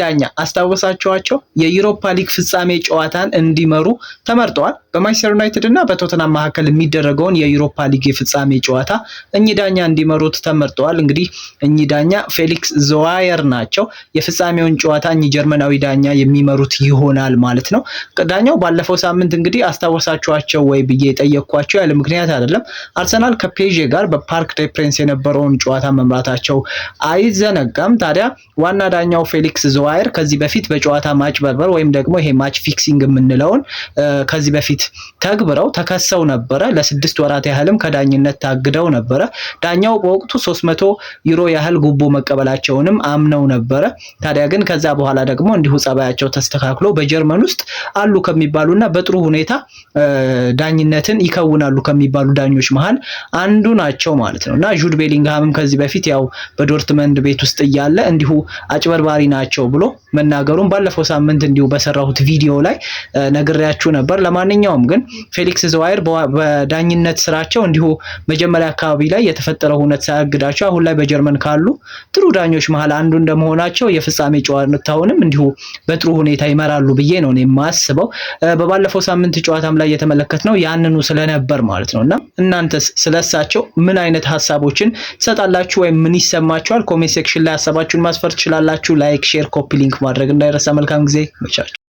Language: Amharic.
ዳኛ አስታወሳቸዋቸው የዩሮፓ ሊግ ፍጻሜ ጨዋታን እንዲመሩ ተመርጠዋል። በማንቸስተር ዩናይትድ እና በቶተናም መካከል የሚደረገውን የዩሮፓ ሊግ የፍጻሜ ጨዋታ እኚህ ዳኛ እንዲመሩት ተመርጠዋል። እንግዲህ እኚህ ዳኛ ፌሊክስ ዘዋየር ናቸው። የፍጻሜውን ጨዋታ እኚህ ጀርመናዊ ዳኛ የሚመሩት ይሆናል ማለት ነው። ዳኛው ባለፈው ሳምንት እንግዲህ አስታወሳቸዋቸው ወይ ብዬ የጠየቅኳቸው ያለ ምክንያት አይደለም። አርሰናል ከፔዤ ጋር በፓርክ ዴ ፕሬንስ የነበረውን ጨዋታ መምራታቸው አይዘነጋም። ታዲያ ዋና ዳኛው ፌሊክስ በመዘዋወር ከዚህ በፊት በጨዋታ ማጭበርበር ወይም ደግሞ ይሄ ማች ፊክሲንግ የምንለውን ከዚህ በፊት ተግብረው ተከሰው ነበረ። ለስድስት ወራት ያህልም ከዳኝነት ታግደው ነበረ። ዳኛው በወቅቱ 300 ዩሮ ያህል ጉቦ መቀበላቸውንም አምነው ነበረ። ታዲያ ግን ከዛ በኋላ ደግሞ እንዲሁ ጸባያቸው ተስተካክሎ በጀርመን ውስጥ አሉ እና በጥሩ ሁኔታ ዳኝነትን ይከውናሉ ከሚባሉ ዳኞች መሃል አንዱ ናቸው ማለት ነው እና ጁድ ቤሊንግሃምም ከዚህ በፊት ያው በዶርትመንድ ቤት ውስጥ እያለ እንዲሁ አጭበርባሪ ናቸው ብሎ መናገሩን ባለፈው ሳምንት እንዲሁ በሰራሁት ቪዲዮ ላይ ነግሬያችሁ ነበር። ለማንኛውም ግን ፌሊክስ ዘዋይር በዳኝነት ስራቸው እንዲሁ መጀመሪያ አካባቢ ላይ የተፈጠረው ሁነት ሳያግዳቸው አሁን ላይ በጀርመን ካሉ ጥሩ ዳኞች መሀል አንዱ እንደመሆናቸው የፍጻሜ ጨዋታውንም እንዲሁ በጥሩ ሁኔታ ይመራሉ ብዬ ነው የማስበው። በባለፈው ሳምንት ጨዋታም ላይ የተመለከትነው ያንኑ ስለነበር ማለት ነው እና እናንተስ ስለሳቸው ምን አይነት ሀሳቦችን ትሰጣላችሁ ወይም ምን ይሰማችኋል? ኮሜንት ሴክሽን ላይ ሀሳባችሁን ማስፈር ትችላላችሁ። ላይክ ሼር ኮፒ ሊንክ ማድረግ እንዳይረሳ። መልካም ጊዜ መቻችሁ።